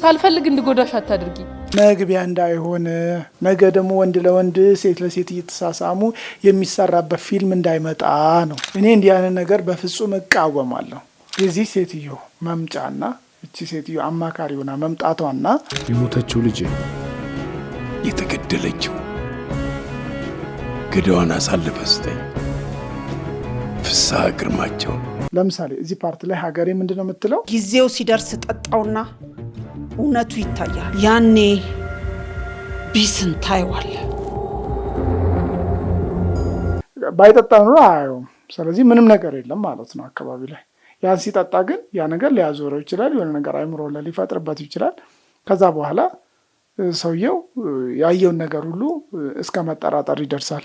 ሳልፈልግ እንድጎዳሽ አታድርጊ። መግቢያ እንዳይሆን ነገ ደግሞ ወንድ ለወንድ ሴት ለሴት እየተሳሳሙ የሚሰራበት ፊልም እንዳይመጣ ነው። እኔ እንዲህ ያንን ነገር በፍጹም እቃወማለሁ። የዚህ ሴትዮ መምጫና እቺ ሴትዮ አማካሪ ሆና መምጣቷና የሞተችው ልጅ የተገደለችው ገዳዋን አሳልፈ ስጠኝ ፍሳ ግርማቸው። ለምሳሌ እዚህ ፓርት ላይ ሀገሬ ምንድን ነው የምትለው? ጊዜው ሲደርስ ጠጣውና እውነቱ ይታያል። ያኔ ቢስን ታይዋል። ባይጠጣ ኑሮ አያየውም። ስለዚህ ምንም ነገር የለም ማለት ነው አካባቢ ላይ። ያን ሲጠጣ ግን ያ ነገር ሊያዞረው ይችላል። የሆነ ነገር አይምሮ ሊፈጥርበት ይችላል። ከዛ በኋላ ሰውየው ያየውን ነገር ሁሉ እስከ መጠራጠር ይደርሳል።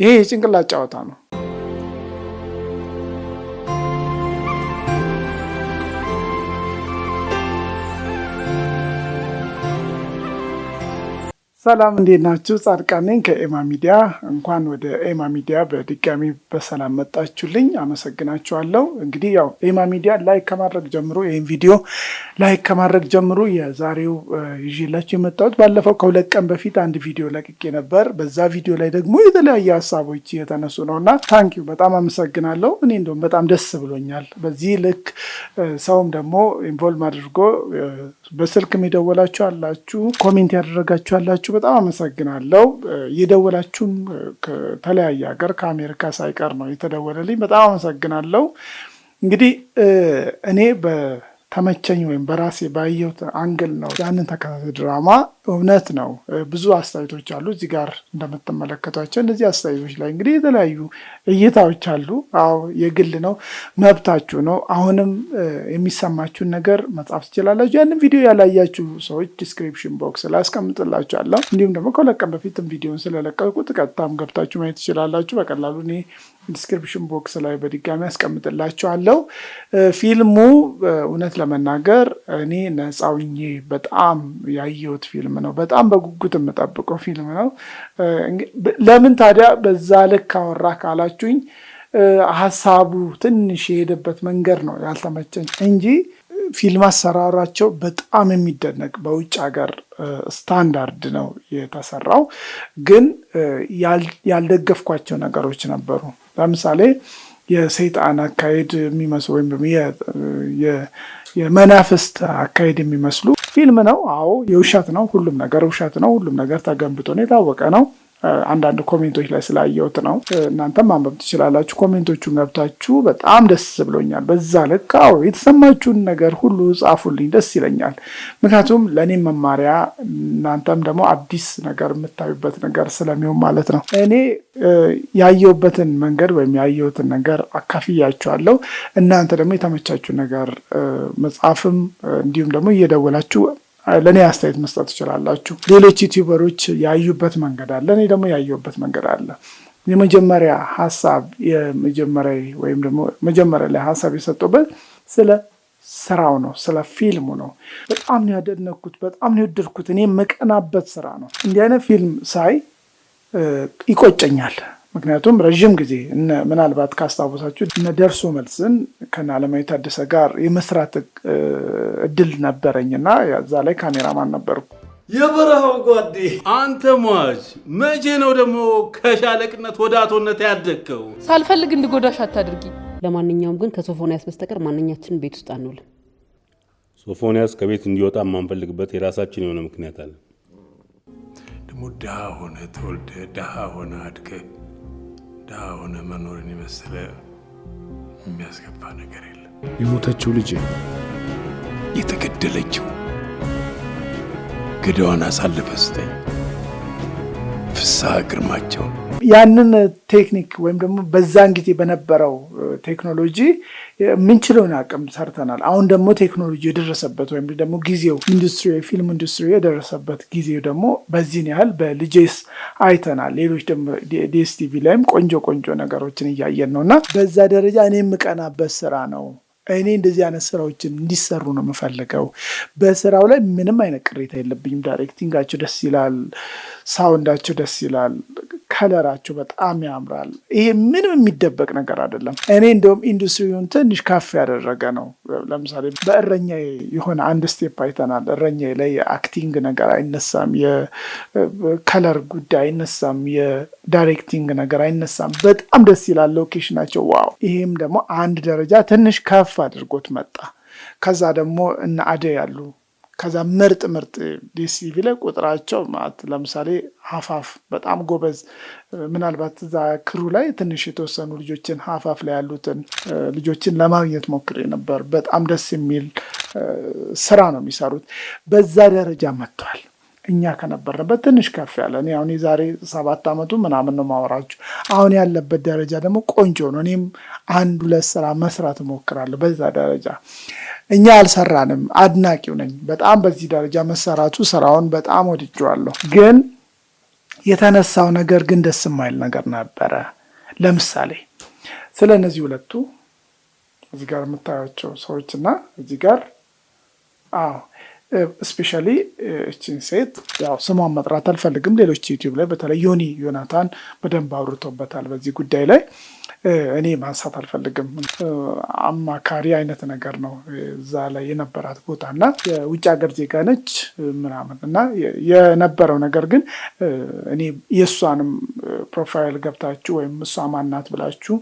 ይሄ የጭንቅላት ጨዋታ ነው። ሰላም እንዴት ናችሁ? ጻድቃን ነኝ ከኤማ ሚዲያ። እንኳን ወደ ኤማ ሚዲያ በድጋሚ በሰላም መጣችሁልኝ፣ አመሰግናችኋለሁ። እንግዲህ ያው ኤማ ሚዲያ ላይክ ከማድረግ ጀምሮ ይህም ቪዲዮ ላይክ ከማድረግ ጀምሮ የዛሬው ይዤላችሁ የመጣሁት ባለፈው ከሁለት ቀን በፊት አንድ ቪዲዮ ለቅቄ ነበር። በዛ ቪዲዮ ላይ ደግሞ የተለያዩ ሀሳቦች የተነሱ ነው እና ታንኪዩ በጣም አመሰግናለሁ። እኔ እንደውም በጣም ደስ ብሎኛል። በዚህ ልክ ሰውም ደግሞ ኢንቮልቭ አድርጎ በስልክ የሚደወላችሁ አላችሁ፣ ኮሜንት ያደረጋችሁ አላችሁ በጣም አመሰግናለሁ። የደወላችሁም ከተለያየ ሀገር ከአሜሪካ ሳይቀር ነው የተደወለልኝ። በጣም አመሰግናለሁ። እንግዲህ እኔ ተመቸኝ ወይም በራሴ ባየሁት አንግል ነው ያንን ተከታታይ ድራማ። እውነት ነው ብዙ አስተያየቶች አሉ። እዚህ ጋር እንደምትመለከቷቸው እነዚህ አስተያየቶች ላይ እንግዲህ የተለያዩ እይታዎች አሉ። አዎ የግል ነው፣ መብታችሁ ነው። አሁንም የሚሰማችሁን ነገር መጻፍ ትችላላችሁ። ያንን ቪዲዮ ያላያችሁ ሰዎች ዲስክሪፕሽን ቦክስ ላይ አስቀምጥላችኋለሁ። እንዲሁም ደግሞ ከሁለት ቀን በፊትም ቪዲዮን ስለለቀቁት ቀጥታም ገብታችሁ ማየት ትችላላችሁ በቀላሉ እኔ ዲስክሪፕሽን ቦክስ ላይ በድጋሚ ያስቀምጥላችኋለሁ። ፊልሙ እውነት ለመናገር እኔ ነፃውኜ በጣም ያየሁት ፊልም ነው። በጣም በጉጉት የምጠብቀው ፊልም ነው። ለምን ታዲያ በዛ ልክ አወራ ካላችሁኝ ሀሳቡ ትንሽ የሄደበት መንገድ ነው ያልተመቸኝ እንጂ ፊልም አሰራራቸው በጣም የሚደነቅ በውጭ ሀገር ስታንዳርድ ነው የተሰራው። ግን ያልደገፍኳቸው ነገሮች ነበሩ። ለምሳሌ የሰይጣን አካሄድ የሚመስሉ ወይም የመናፍስት አካሄድ የሚመስሉ ፊልም ነው። አዎ የውሸት ነው። ሁሉም ነገር ውሸት ነው። ሁሉም ነገር ተገንብቶ ነው የታወቀ ነው። አንዳንድ ኮሜንቶች ላይ ስላየውት ነው። እናንተም ማንበብ ትችላላችሁ። ኮሜንቶቹን ገብታችሁ በጣም ደስ ብሎኛል፣ በዛ ልክ አዎ፣ የተሰማችሁን ነገር ሁሉ ጻፉልኝ፣ ደስ ይለኛል። ምክንያቱም ለእኔም መማሪያ እናንተም ደግሞ አዲስ ነገር የምታዩበት ነገር ስለሚሆን ማለት ነው። እኔ ያየሁበትን መንገድ ወይም ያየሁትን ነገር አካፍያችኋለሁ። እናንተ ደግሞ የተመቻችሁ ነገር መጽሐፍም እንዲሁም ደግሞ እየደወላችሁ ለእኔ አስተያየት መስጠት ትችላላችሁ። ሌሎች ዩቲዩበሮች ያዩበት መንገድ አለ፣ እኔ ደግሞ ያየሁበት መንገድ አለ። የመጀመሪያ ሀሳብ የመጀመሪያ ወይም ደግሞ መጀመሪያ ላይ ሀሳብ የሰጡበት ስለ ስራው ነው፣ ስለ ፊልሙ ነው። በጣም ያደነኩት፣ በጣም ያደርኩት እኔ የምቀናበት ስራ ነው። እንዲህ አይነት ፊልም ሳይ ይቆጨኛል። ምክንያቱም ረዥም ጊዜ ምናልባት ካስታወሳችሁ እነ ደርሶ መልስን ከነ አለማዊ ታደሰ ጋር የመስራት እድል ነበረኝ እና እዛ ላይ ካሜራማን ነበርኩ። የበረሃው ጓዴ አንተ ሟች፣ መቼ ነው ደግሞ ከሻለቅነት ወደ አቶነት ያደግከው? ሳልፈልግ እንድጎዳሽ አታድርጊ። ለማንኛውም ግን ከሶፎንያስ በስተቀር ማንኛችን ቤት ውስጥ አንውልም። ሶፎንያስ ከቤት እንዲወጣ የማንፈልግበት የራሳችን የሆነ ምክንያት አለ። ደግሞ ድሃ ሆነ ተወልደ ድሃ ሆነ አድገ ድሃ ሆነ መኖርን የመሰለ የሚያስገባ ነገር የለም። የሞተችው ልጅ የተገደለችው ገዳዋን አሳልፈ ስጠኝ ፍስሐ ግርማቸውን ያንን ቴክኒክ ወይም ደግሞ በዛን ጊዜ በነበረው ቴክኖሎጂ የምንችለውን አቅም ሰርተናል። አሁን ደግሞ ቴክኖሎጂ የደረሰበት ወይም ደግሞ ጊዜው ኢንዱስትሪ የፊልም ኢንዱስትሪ የደረሰበት ጊዜው ደግሞ በዚህን ያህል በልጄስ አይተናል። ሌሎች ደግሞ ዲስቲቪ ላይም ቆንጆ ቆንጆ ነገሮችን እያየን ነው እና በዛ ደረጃ እኔ የምቀናበት ስራ ነው። እኔ እንደዚህ አይነት ስራዎችን እንዲሰሩ ነው የምፈልገው። በስራው ላይ ምንም አይነት ቅሬታ የለብኝም። ዳይሬክቲንጋቸው ደስ ይላል። ሳውንዳቸው ደስ ይላል፣ ከለራቸው በጣም ያምራል። ይሄ ምንም የሚደበቅ ነገር አይደለም። እኔ እንደውም ኢንዱስትሪውን ትንሽ ከፍ ያደረገ ነው። ለምሳሌ በእረኛ የሆነ አንድ ስቴፕ አይተናል። እረኛ ላይ የአክቲንግ ነገር አይነሳም፣ የከለር ጉዳይ አይነሳም፣ የዳይሬክቲንግ ነገር አይነሳም። በጣም ደስ ይላል ሎኬሽናቸው፣ ዋው! ይሄም ደግሞ አንድ ደረጃ ትንሽ ከፍ አድርጎት መጣ። ከዛ ደግሞ እነ አደይ ያሉ ከዛ ምርጥ ምርጥ ዲሲ ቢለ ቁጥራቸው ማለት ለምሳሌ ሀፋፍ በጣም ጎበዝ ምናልባት እዛ ክሩ ላይ ትንሽ የተወሰኑ ልጆችን ሀፋፍ ላይ ያሉትን ልጆችን ለማግኘት ሞክሬ ነበር። በጣም ደስ የሚል ስራ ነው የሚሰሩት። በዛ ደረጃ መጥተዋል። እኛ ከነበርንበት ትንሽ ከፍ ያለ እኔ አሁን የዛሬ ሰባት ዓመቱ ምናምን ነው ማወራችሁ። አሁን ያለበት ደረጃ ደግሞ ቆንጆ ነው። እኔም አንድ ሁለት ስራ መስራት እሞክራለሁ በዛ ደረጃ እኛ አልሰራንም። አድናቂው ነኝ በጣም በዚህ ደረጃ መሰራቱ ስራውን በጣም ወድጀዋለሁ። ግን የተነሳው ነገር ግን ደስ የማይል ነገር ነበረ። ለምሳሌ ስለ እነዚህ ሁለቱ እዚህ ጋር የምታያቸው ሰዎች እና እዚህ ጋር አዎ እችን ሴት ያው ስሟን መጥራት አልፈልግም። ሌሎች ዩቲዩብ ላይ በተለይ ዮኒ ዮናታን በደንብ አውርቶበታል በዚህ ጉዳይ ላይ እኔ ማንሳት አልፈልግም። አማካሪ አይነት ነገር ነው እዛ ላይ የነበራት ቦታ እና የውጭ ሀገር ዜጋ ነች ምናምን እና የነበረው ነገር ግን እኔ የእሷንም ፕሮፋይል ገብታችሁ ወይም እሷ ማናት ብላችሁ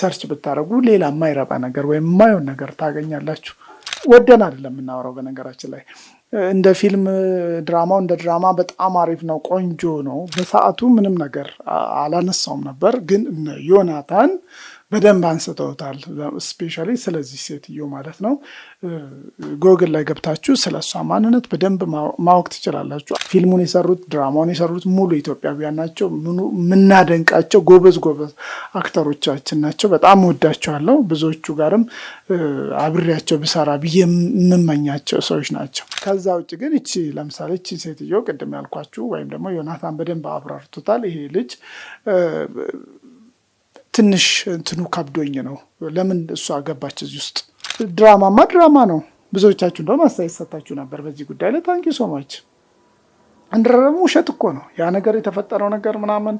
ሰርች ብታደረጉ ሌላ የማይረባ ነገር ወይም የማየውን ነገር ታገኛላችሁ። ወደን አይደለም የምናወራው በነገራችን ላይ እንደ ፊልም ድራማው እንደ ድራማ በጣም አሪፍ ነው፣ ቆንጆ ነው። በሰዓቱ ምንም ነገር አላነሳውም ነበር፣ ግን ዮናታን በደንብ አንስተውታል። ስፔሻሊ ስለዚህ ሴትዮ ማለት ነው። ጎግል ላይ ገብታችሁ ስለ እሷ ማንነት በደንብ ማወቅ ትችላላችሁ። ፊልሙን የሰሩት ድራማውን የሰሩት ሙሉ ኢትዮጵያውያን ናቸው። ምናደንቃቸው ጎበዝ ጎበዝ አክተሮቻችን ናቸው። በጣም ወዳቸዋለው ብዙዎቹ ጋርም አብሬያቸው ብሰራ ብዬ የምመኛቸው ሰዎች ናቸው። ከዛ ውጭ ግን እቺ ለምሳሌ እቺ ሴትዮ ቅድም ያልኳችሁ ወይም ደግሞ ዮናታን በደንብ አብራርቶታል። ይሄ ልጅ ትንሽ እንትኑ ከብዶኝ ነው። ለምን እሷ ገባች እዚህ ውስጥ? ድራማማ ድራማ ነው። ብዙዎቻችሁ እንደውም አስተያየት ሰጣችሁ ነበር በዚህ ጉዳይ ላይ ታንኪ ሶማች አንድ ደግሞ ውሸት እኮ ነው ያ ነገር የተፈጠረው ነገር ምናምን።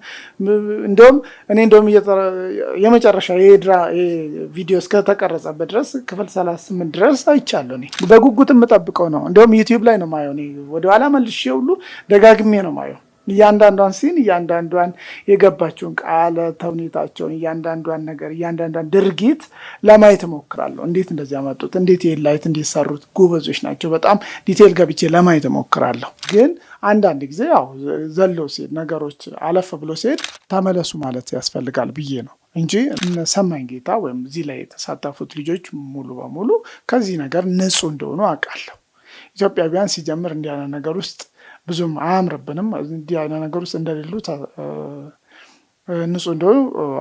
እንደውም እኔ እንደውም የመጨረሻ የድራ ቪዲዮ እስከተቀረጸበት ድረስ ክፍል ሰላሳ ስምንት ድረስ አይቻለሁ። እኔ በጉጉት የምጠብቀው ነው። እንደውም ዩቲዩብ ላይ ነው ማየው። ወደኋላ መልሼ ሁሉ ደጋግሜ ነው ማየው። እያንዳንዷን ሲን እያንዳንዷን የገባችውን ቃለ ተውኔታቸውን እያንዳንዷን ነገር እያንዳንዷን ድርጊት ለማየት እሞክራለሁ። እንዴት እንደዚህ ያመጡት፣ እንዴት ይሄን ላይት እንዴት ሰሩት፣ ጎበዞች ናቸው። በጣም ዲቴል ገብቼ ለማየት እሞክራለሁ። ግን አንዳንድ ጊዜ ያው ዘሎ ሲሄድ ነገሮች አለፍ ብሎ ሲሄድ ተመለሱ ማለት ያስፈልጋል ብዬ ነው እንጂ ሰማኝ ጌታ ወይም እዚህ ላይ የተሳተፉት ልጆች ሙሉ በሙሉ ከዚህ ነገር ንጹሕ እንደሆኑ አውቃለሁ። ኢትዮጵያውያን ሲጀምር እንዲህ አይነት ነገር ውስጥ ብዙም አያምርብንም። እንዲህ አይነት ነገር ውስጥ እንደሌሉ ንጹህ እንደሆኑ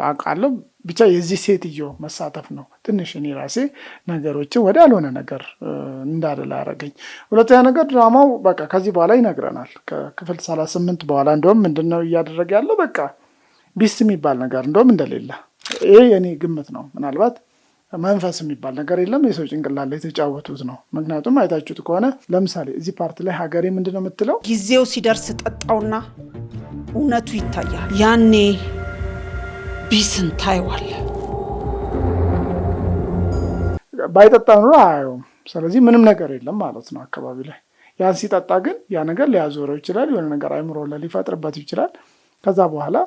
አውቃለሁ። ብቻ የዚህ ሴትዮ መሳተፍ ነው ትንሽ እኔ ራሴ ነገሮችን ወደ ያልሆነ ነገር እንዳደላ ያደረገኝ። ሁለተኛ ነገር ድራማው በቃ ከዚህ በኋላ ይነግረናል። ከክፍል ሰላሳ ስምንት በኋላ እንደውም ምንድን ነው እያደረገ ያለው በቃ ቢስት የሚባል ነገር እንደውም እንደሌለ ይሄ የኔ ግምት ነው ምናልባት መንፈስ የሚባል ነገር የለም። የሰው ጭንቅላት ላይ የተጫወቱት ነው። ምክንያቱም አይታችሁት ከሆነ ለምሳሌ እዚህ ፓርት ላይ ሀገሬ ምንድን ነው የምትለው? ጊዜው ሲደርስ ጠጣውና እውነቱ ይታያል። ያኔ ቢስን ታይዋል። ባይጠጣ ኑሮ አያየውም። ስለዚህ ምንም ነገር የለም ማለት ነው አካባቢ ላይ። ያን ሲጠጣ ግን ያ ነገር ሊያዞረው ይችላል። የሆነ ነገር አይምሮ ላይ ሊፈጥርበት ይችላል። ከዛ በኋላ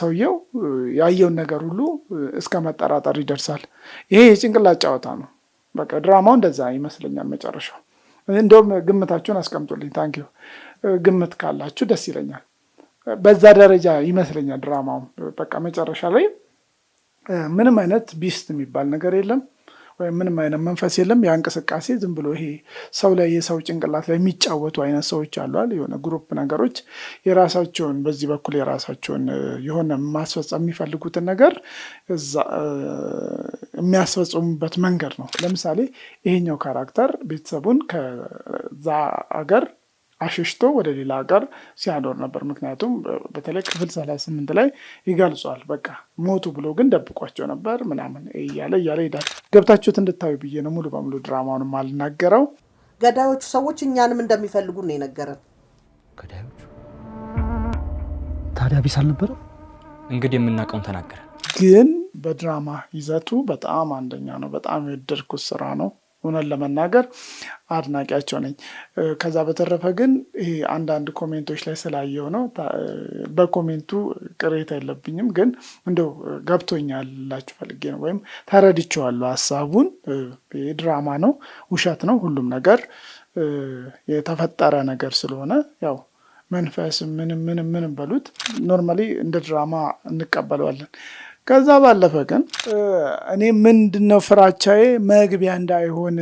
ሰውየው ያየውን ነገር ሁሉ እስከ መጠራጠር ይደርሳል። ይሄ የጭንቅላት ጨዋታ ነው። በቃ ድራማው እንደዛ ይመስለኛል መጨረሻው። እንደውም ግምታችሁን አስቀምጡልኝ። ታንኪ ግምት ካላችሁ ደስ ይለኛል። በዛ ደረጃ ይመስለኛል ድራማው። በቃ መጨረሻ ላይ ምንም አይነት ቢስት የሚባል ነገር የለም። ወይም ምንም አይነት መንፈስ የለም። ያ እንቅስቃሴ ዝም ብሎ ይሄ ሰው ላይ የሰው ጭንቅላት ላይ የሚጫወቱ አይነት ሰዎች አሏል። የሆነ ግሩፕ ነገሮች የራሳቸውን በዚህ በኩል የራሳቸውን የሆነ ማስፈጸም የሚፈልጉትን ነገር እዛ የሚያስፈጽሙበት መንገድ ነው። ለምሳሌ ይሄኛው ካራክተር ቤተሰቡን ከዛ አገር አሸሽቶ ወደ ሌላ ሀገር ሲያኖር ነበር። ምክንያቱም በተለይ ክፍል ሰላሳ ስምንት ላይ ይገልጿል። በቃ ሞቱ ብሎ ግን ደብቋቸው ነበር ምናምን እያለ እያለ ሄዳል። ገብታችሁት እንድታዩ ብዬ ነው። ሙሉ በሙሉ ድራማውን አልናገረው። ገዳዮቹ ሰዎች እኛንም እንደሚፈልጉ ነው የነገረን። ገዳዮቹ ታዲያ ቢስ አልነበረም። እንግዲህ የምናውቀውን ተናገረ። ግን በድራማ ይዘቱ በጣም አንደኛ ነው። በጣም የደርኩት ስራ ነው። እውነት ለመናገር አድናቂያቸው ነኝ። ከዛ በተረፈ ግን ይሄ አንዳንድ ኮሜንቶች ላይ ስላየው ነው። በኮሜንቱ ቅሬታ የለብኝም፣ ግን እንደው ገብቶኛል ላችሁ ፈልጌ ነው ወይም ተረድቸዋለሁ ሀሳቡን። ድራማ ነው፣ ውሸት ነው፣ ሁሉም ነገር የተፈጠረ ነገር ስለሆነ ያው መንፈስ ምንም ምንም ምንም በሉት ኖርማሊ እንደ ድራማ እንቀበለዋለን። ከዛ ባለፈ ግን እኔ ምንድነው ፍራቻዬ መግቢያ እንዳይሆን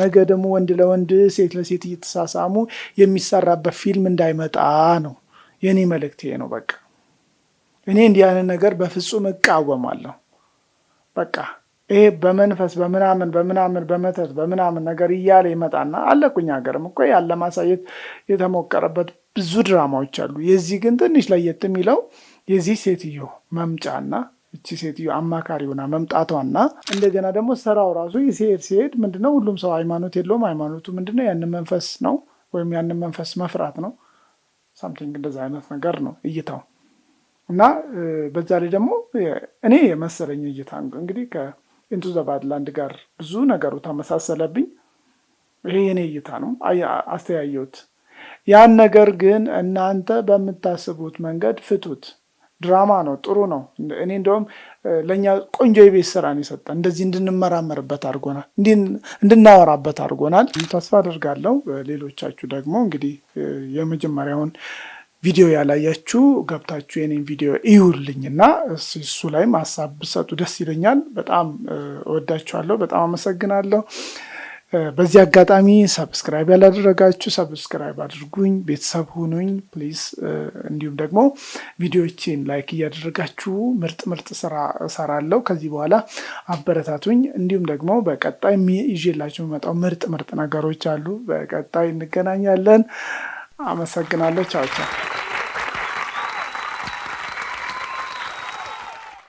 ነገ ደግሞ ወንድ ለወንድ ሴት ለሴት እየተሳሳሙ የሚሰራበት ፊልም እንዳይመጣ ነው የእኔ መልእክት ነው። በቃ እኔ እንዲህ ያንን ነገር በፍጹም እቃወማለሁ። በቃ ይሄ በመንፈስ በምናምን በምናምን በመተት በምናምን ነገር እያለ ይመጣና አለኩኝ። ሀገርም እኮ ያለ ማሳየት የተሞከረበት ብዙ ድራማዎች አሉ። የዚህ ግን ትንሽ ለየት የሚለው የዚህ ሴትዮ መምጫና እቺ ሴትዮ አማካሪ ሆና መምጣቷና እንደገና ደግሞ ስራው ራሱ የሴር ሲሄድ ምንድነው ሁሉም ሰው ሃይማኖት የለውም። ሃይማኖቱ ምንድነው ያንን መንፈስ ነው ወይም ያንን መንፈስ መፍራት ነው። ሳምቲንግ እንደዛ አይነት ነገር ነው እይታው እና በዛ ላይ ደግሞ እኔ የመሰለኝ እይታ እንግዲህ ከኢንቱ ዘ ባድላንድ ጋር ብዙ ነገሩ ተመሳሰለብኝ። ይሄ የኔ እይታ ነው አስተያየሁት። ያን ነገር ግን እናንተ በምታስቡት መንገድ ፍቱት። ድራማ ነው። ጥሩ ነው። እኔ እንደውም ለእኛ ቆንጆ የቤት ስራ ነው የሰጠ። እንደዚህ እንድንመራመርበት አድርጎናል፣ እንድናወራበት አድርጎናል። ተስፋ አድርጋለሁ። ሌሎቻችሁ ደግሞ እንግዲህ የመጀመሪያውን ቪዲዮ ያላያችሁ ገብታችሁ የኔን ቪዲዮ እና እሱ ላይም ሀሳብ ብሰጡ ደስ ይለኛል። በጣም እወዳችኋለሁ። በጣም አመሰግናለሁ። በዚህ አጋጣሚ ሰብስክራይብ ያላደረጋችሁ ሰብስክራይብ አድርጉኝ፣ ቤተሰብ ሁኑኝ ፕሊስ እንዲሁም ደግሞ ቪዲዮችን ላይክ እያደረጋችሁ ምርጥ ምርጥ ስራ እሰራለሁ ከዚህ በኋላ አበረታቱኝ። እንዲሁም ደግሞ በቀጣይ ይዤላችሁ የሚመጣው ምርጥ ምርጥ ነገሮች አሉ። በቀጣይ እንገናኛለን። አመሰግናለሁ። ቻው